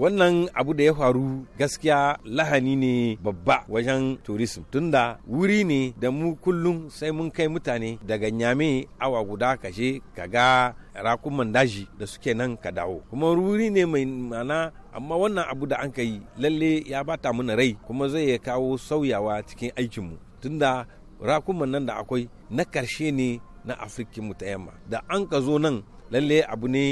wannan abu da ya faru gaskiya lahani ne babba wajen turism tunda wuri ne da mu kullum sai mun kai mutane daga nyame awa guda kashe kaga rakuman daji da suke nan ka dawo kuma wuri ne mai mana amma wannan abu da an yi lalle ya bata mana rai kuma zai ya kawo sauyawa cikin aikinmu tunda rakuman nan da akwai na karshe ne na afirki mu ta yamma da an ka zo nan lalle abu ne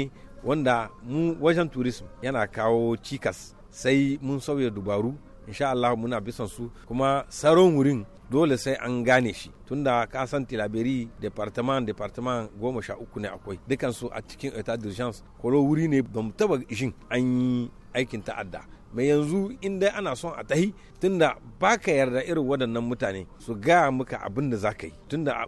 wanda mu wajen tourism yana kawo cikas sai mun sauya dubaru insha Allah muna bisan su kuma tsaron wurin dole sai an gane shi tunda ka san tilaberi departement departement goma sha uku ne akwai dukansu a cikin etat d'urgence kolo wuri ne don taba jin an yi aikin ta'adda mai yanzu in dai ana son a tahi tunda ba ka yarda irin waɗannan mutane su gaya maka abin da za ka yi tunda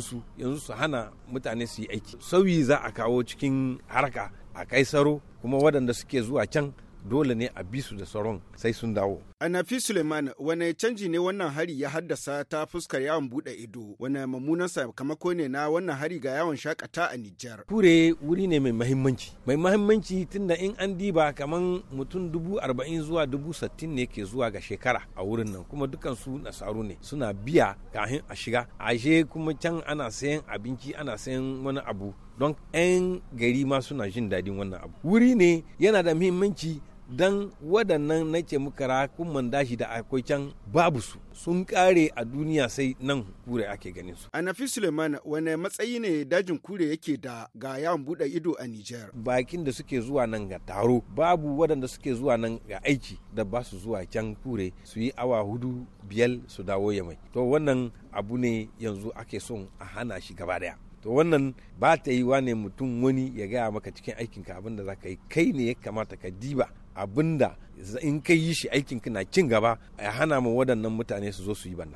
su yanzu su hana mutane su yi aiki sauyi za a kawo cikin harka a kai saro kuma waɗanda suke zuwa can dole ne a bi su da tsaron sai sun dawo. A Nafi Suleiman wane canji ne wannan hari ya haddasa ta fuskar yawon bude ido wane mummunan sakamako ne na wannan hari ga yawon shakata a Nijar. ture wuri ne mai mahimmanci. Mai mahimmanci tunda in an diba kaman mutum dubu arba'in zuwa dubu sittin ne ke zuwa ga shekara a wurin nan kuma dukan su nasaru ne suna biya kafin a shiga. Ashe kuma can ana sayan abinci ana sayan wani abu don 'yan gari ma suna jin daɗin wannan abu wuri ne yana da muhimmanci dan waɗannan nake muka rakuman dashi da akwai can babu su sun kare a duniya sai nan kure ake ganin su. Anafi Suleiman wane matsayi ne dajin kure yake da ga yawon buɗe ido a Nijar? Bakin da suke zuwa nan ga taro babu waɗanda suke zuwa nan ga aiki da ba su zuwa can kure su yi awa hudu biyar su dawo ya mai. To wannan abu ne yanzu ake son a hana shi gaba daya. to wannan ba ta yi wa ne mutum wani ya gaya maka cikin aikinka abinda da za ka yi kai ne ya kamata ka diba abinda in ka yi shi aikinka na cin gaba a hana mu waɗannan mutane su zo su yi banna